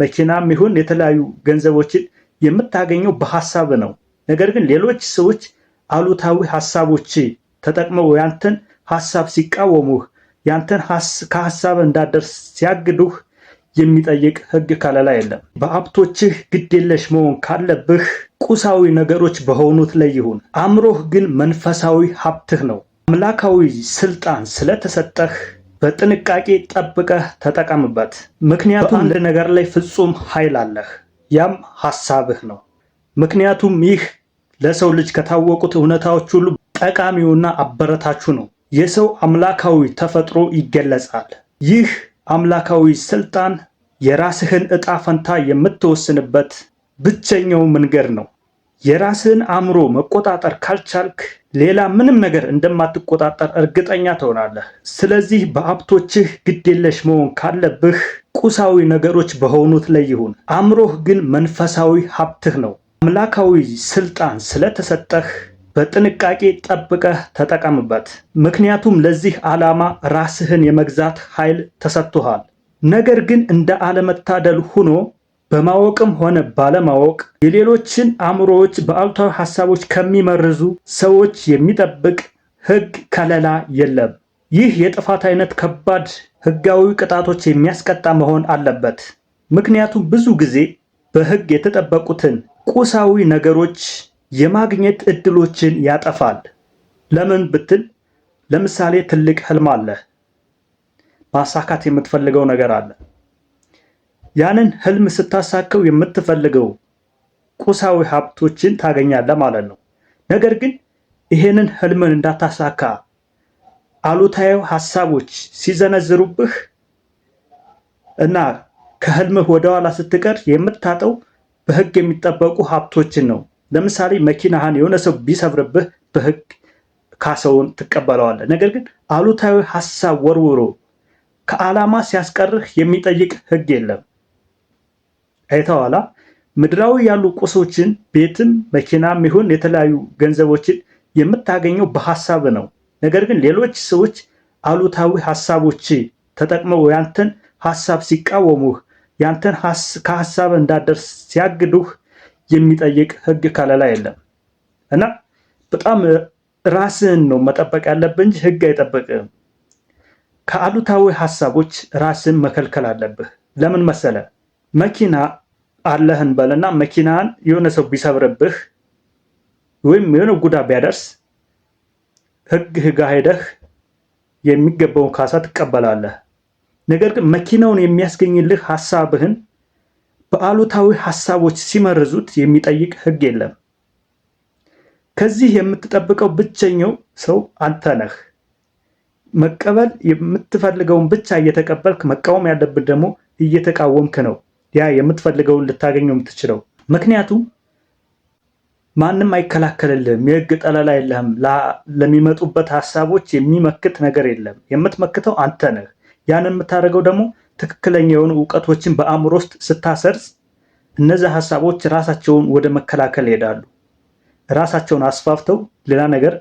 መኪናም ይሁን የተለያዩ ገንዘቦችን የምታገኘው በሀሳብ ነው። ነገር ግን ሌሎች ሰዎች አሉታዊ ሀሳቦች ተጠቅመው ያንተን ሀሳብ ሲቃወሙህ፣ ያንተን ከሀሳብ እንዳደርስ ሲያግዱህ የሚጠይቅ ህግ ከለላ የለም። በሀብቶችህ ግዴለሽ መሆን ካለብህ ቁሳዊ ነገሮች በሆኑት ላይ ይሁን። አእምሮህ ግን መንፈሳዊ ሀብትህ ነው። አምላካዊ ስልጣን ስለተሰጠህ በጥንቃቄ ጠብቀህ ተጠቀምበት። ምክንያቱም አንድ ነገር ላይ ፍጹም ኃይል አለህ፣ ያም ሐሳብህ ነው። ምክንያቱም ይህ ለሰው ልጅ ከታወቁት እውነታዎች ሁሉ ጠቃሚውና አበረታቹ ነው። የሰው አምላካዊ ተፈጥሮ ይገለጻል። ይህ አምላካዊ ስልጣን የራስህን እጣ ፈንታ የምትወስንበት ብቸኛው መንገድ ነው። የራስህን አእምሮ መቆጣጠር ካልቻልክ ሌላ ምንም ነገር እንደማትቆጣጠር እርግጠኛ ትሆናለህ። ስለዚህ በሀብቶችህ ግዴለሽ መሆን ካለብህ ቁሳዊ ነገሮች በሆኑት ላይ ይሁን። አእምሮህ ግን መንፈሳዊ ሀብትህ ነው። አምላካዊ ስልጣን ስለተሰጠህ በጥንቃቄ ጠብቀህ ተጠቀምበት። ምክንያቱም ለዚህ ዓላማ ራስህን የመግዛት ኃይል ተሰጥቶሃል። ነገር ግን እንደ አለመታደል ሆኖ በማወቅም ሆነ ባለማወቅ የሌሎችን አእምሮዎች በአሉታዊ ሀሳቦች ከሚመርዙ ሰዎች የሚጠብቅ ህግ ከለላ የለም። ይህ የጥፋት አይነት ከባድ ህጋዊ ቅጣቶች የሚያስቀጣ መሆን አለበት። ምክንያቱም ብዙ ጊዜ በህግ የተጠበቁትን ቁሳዊ ነገሮች የማግኘት እድሎችን ያጠፋል። ለምን ብትል ለምሳሌ ትልቅ ህልም አለ፣ ማሳካት የምትፈልገው ነገር አለ ያንን ህልም ስታሳከው የምትፈልገው ቁሳዊ ሀብቶችን ታገኛለህ ማለት ነው። ነገር ግን ይሄንን ህልምን እንዳታሳካ አሉታዊ ሀሳቦች ሲዘነዝሩብህ እና ከህልምህ ወደኋላ ስትቀር የምታጠው በህግ የሚጠበቁ ሀብቶችን ነው። ለምሳሌ መኪናህን የሆነ ሰው ቢሰብርብህ በህግ ካሰውን ትቀበለዋለህ። ነገር ግን አሉታዊ ሀሳብ ወርውሮ ከዓላማ ሲያስቀርህ የሚጠይቅ ህግ የለም። አይተዋላ ምድራዊ ያሉ ቁሶችን ቤትም መኪናም ይሁን የተለያዩ ገንዘቦችን የምታገኘው በሀሳብ ነው። ነገር ግን ሌሎች ሰዎች አሉታዊ ሀሳቦች ተጠቅመው ያንተን ሀሳብ ሲቃወሙህ፣ ያንተን ከሀሳብ እንዳደርስ ሲያግዱህ የሚጠይቅ ህግ ከለላ የለም እና በጣም ራስህን ነው መጠበቅ ያለብህ እንጂ ህግ አይጠበቅህም። ከአሉታዊ ሀሳቦች ራስን መከልከል አለብህ። ለምን መሰለ መኪና አለህን በልና መኪናን የሆነ ሰው ቢሰብርብህ ወይም የሆነ ጉዳ ቢያደርስ ህግ ህጋ ሄደህ የሚገባውን ካሳ ትቀበላለህ። ነገር ግን መኪናውን የሚያስገኝልህ ሀሳብህን በአሉታዊ ሀሳቦች ሲመርዙት የሚጠይቅ ህግ የለም። ከዚህ የምትጠብቀው ብቸኛው ሰው አንተ ነህ። መቀበል የምትፈልገውን ብቻ እየተቀበልክ መቃወም ያለብን ደግሞ እየተቃወምክ ነው። ያ የምትፈልገውን ልታገኘው የምትችለው። ምክንያቱም ማንም አይከላከልልህም፣ የህግ ጠለላ የለህም፣ ለሚመጡበት ሀሳቦች የሚመክት ነገር የለም። የምትመክተው አንተ ነህ። ያን የምታደርገው ደግሞ ትክክለኛ የሆኑ እውቀቶችን በአእምሮ ውስጥ ስታሰርጽ እነዚህ ሀሳቦች ራሳቸውን ወደ መከላከል ይሄዳሉ። ራሳቸውን አስፋፍተው ሌላ ነገር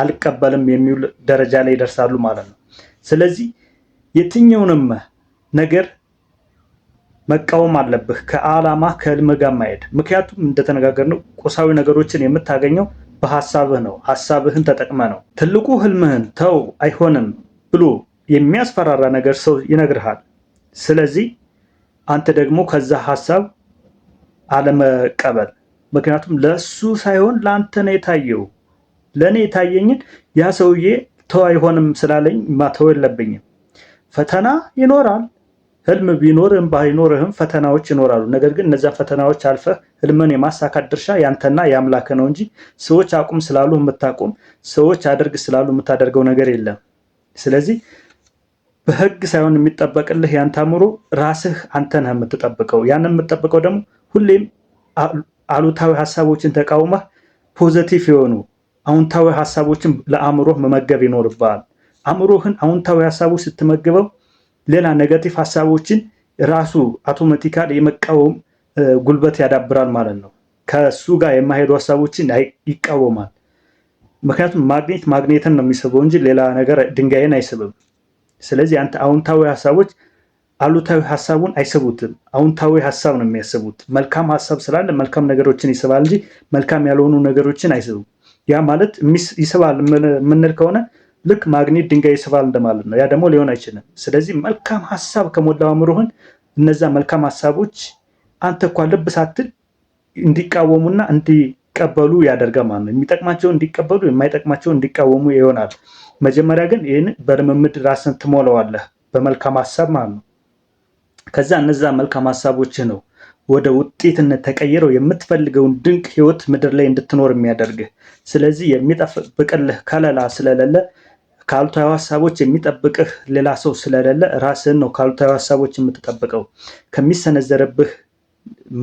አልቀበልም የሚውል ደረጃ ላይ ይደርሳሉ ማለት ነው። ስለዚህ የትኛውንም ነገር መቃወም አለብህ። ከዓላማ ከህልም ጋር ማሄድ። ምክንያቱም እንደተነጋገርነው ቁሳዊ ነገሮችን የምታገኘው በሀሳብህ ነው። ሀሳብህን ተጠቅመ ነው። ትልቁ ህልምህን ተው አይሆንም ብሎ የሚያስፈራራ ነገር ሰው ይነግርሃል። ስለዚህ አንተ ደግሞ ከዛ ሀሳብ አለመቀበል። ምክንያቱም ለእሱ ሳይሆን ለአንተ ነው የታየው። ለእኔ የታየኝን ያ ሰውዬ ተው አይሆንም ስላለኝ ማተው የለብኝም። ፈተና ይኖራል ህልም ቢኖርህም ባይኖርህም ፈተናዎች ይኖራሉ። ነገር ግን እነዚያ ፈተናዎች አልፈህ ህልምን የማሳካት ድርሻ ያንተና የአምላክ ነው እንጂ ሰዎች አቁም ስላሉ የምታቁም፣ ሰዎች አድርግ ስላሉ የምታደርገው ነገር የለም። ስለዚህ በህግ ሳይሆን የሚጠበቅልህ ያንተ አእምሮ፣ ራስህ አንተ ነህ የምትጠብቀው። ያንን የምትጠብቀው ደግሞ ሁሌም አሉታዊ ሀሳቦችን ተቃውመህ ፖዘቲቭ የሆኑ አውንታዊ ሀሳቦችን ለአእምሮህ መመገብ ይኖርብሃል። አእምሮህን አውንታዊ ሀሳቦች ስትመግበው ሌላ ነገቲቭ ሀሳቦችን ራሱ አውቶማቲካል የመቃወም ጉልበት ያዳብራል ማለት ነው። ከሱ ጋር የማሄዱ ሀሳቦችን ይቃወማል። ምክንያቱም ማግኔት ማግኔትን ነው የሚስበው እንጂ ሌላ ነገር ድንጋይን አይስብም። ስለዚህ አንተ አውንታዊ ሀሳቦች አሉታዊ ሀሳቡን አይስቡትም። አውንታዊ ሀሳብ ነው የሚያስቡት። መልካም ሀሳብ ስላለ መልካም ነገሮችን ይስባል እንጂ መልካም ያልሆኑ ነገሮችን አይስቡም። ያ ማለት ይስባል የምንል ከሆነ ልክ ማግኔት ድንጋይ ይስባል እንደማለት ነው። ያ ደግሞ ሊሆን አይችልም። ስለዚህ መልካም ሀሳብ ከሞላው አእምሮህን እነዛ መልካም ሀሳቦች አንተ እኳ ልብ ሳትል እንዲቃወሙና እንዲቀበሉ ያደርጋል ማለት ነው። የሚጠቅማቸው እንዲቀበሉ፣ የማይጠቅማቸው እንዲቃወሙ ይሆናል። መጀመሪያ ግን ይህን በልምምድ ራስን ትሞላዋለህ በመልካም ሀሳብ ማለት ነው። ከዛ እነዛ መልካም ሀሳቦች ነው ወደ ውጤትነት ተቀይረው የምትፈልገውን ድንቅ ህይወት ምድር ላይ እንድትኖር የሚያደርግህ። ስለዚህ የሚጠብቅልህ ከለላ ስለሌለ ከአሉታዊ ሀሳቦች የሚጠብቅህ ሌላ ሰው ስለሌለ ራስህን ነው ከአሉታዊ ሀሳቦች የምትጠብቀው። ከሚሰነዘርብህ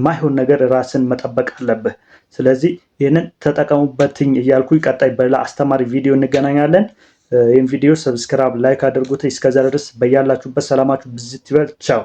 ማይሆን ነገር ራስን መጠበቅ አለብህ። ስለዚህ ይህንን ተጠቀሙበትኝ እያልኩ ቀጣይ በሌላ አስተማሪ ቪዲዮ እንገናኛለን። ይህን ቪዲዮ ሰብስክራብ፣ ላይክ አድርጉት። እስከዛ ድረስ በያላችሁበት ሰላማችሁ ብዝት ይበል። ቻው